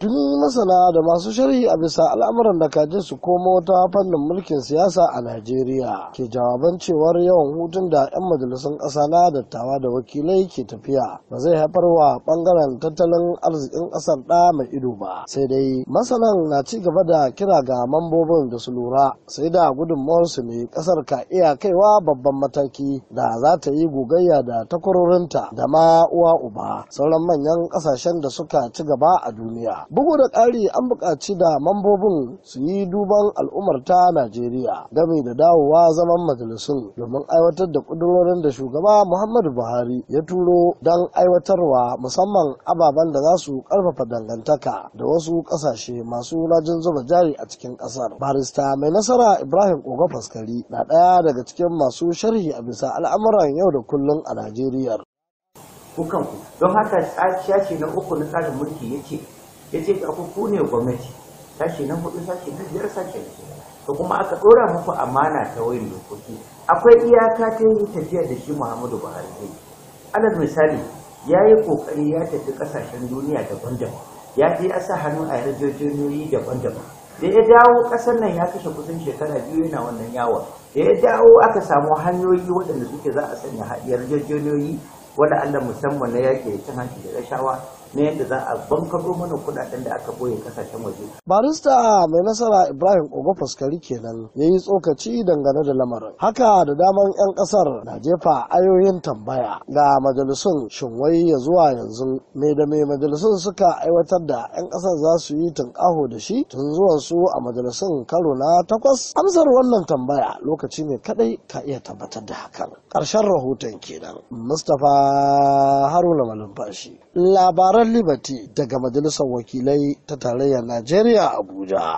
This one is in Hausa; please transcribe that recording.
tuni masana da masu sharhi a bisa al'amuran da kaje su komo ta fannin mulkin siyasa a najeriya ke jawaban cewar yawan hutun da 'yan majalisun ƙasa na dattawa da wakilai ke tafiya ba zai haifar wa ɓangaren tattalin arzikin ƙasar ɗa mai ido ba sai dai masanan na ci gaba da kira ga mambobin da su lura sai da gudunmawar su ne ƙasar ka iya kaiwa babban mataki da za ta yi gogayya da takwarorinta da ma uwa uba sauran manyan ƙasashen da suka ci gaba a duniya bugu da ƙari an buƙaci da mambobin su yi duban al'ummar ta najeriya game da dawowa zaman majalisun domin aiwatar da ƙudurorin da shugaba muhammadu buhari ya turo don aiwatarwa musamman ababen da za su ƙarfafa dangantaka da wasu ƙasashe masu rajin zuba jari a cikin ƙasar barista mai nasara ibrahim kogo faskari na ɗaya daga cikin masu sharhi a bisa al'amuran yau da kullum a najeriya ku don haka sashi na uku na tsarin mulki yake ya ce ku ku ne gwamnati sashi na hudu sashi na biyar sashi na kuma aka ɗora muku amana ta wayin dokoki akwai iyaka ta yi tafiyar da shi muhammadu buhari zai alal misali ya yi kokari ya tafi ƙasashen duniya daban-daban ya je ya sa hannu a yarjejeniyoyi daban-daban da ya dawo ƙasar nan ya kashe kusan shekara biyu yana wannan yawon da ya dawo aka samu hanyoyi waɗanda suke za a sanya yarjejeniyoyi wani allah musamman na yaƙi da cin hanci da rashawa na yadda za a bankaro mana kudaden da aka boye kasashen waje. barista mai nasara ibrahim ogo faskari kenan ya yi tsokaci dangane da lamarin haka da daman 'yan ƙasar na jefa ayoyin tambaya ga majalisun shinwai ya zuwa yanzu me da me majalisun suka aiwatar da 'yan ƙasar za su yi tunƙaho da shi tun zuwan su a majalisun karo na takwas amsar wannan tambaya lokaci ne kadai ka iya tabbatar da hakan ƙarshen rahoton kenan mustapha haruna malumfashi labaran Liberty daga Majalisar Wakilai ta Tarayyar Najeriya Abuja.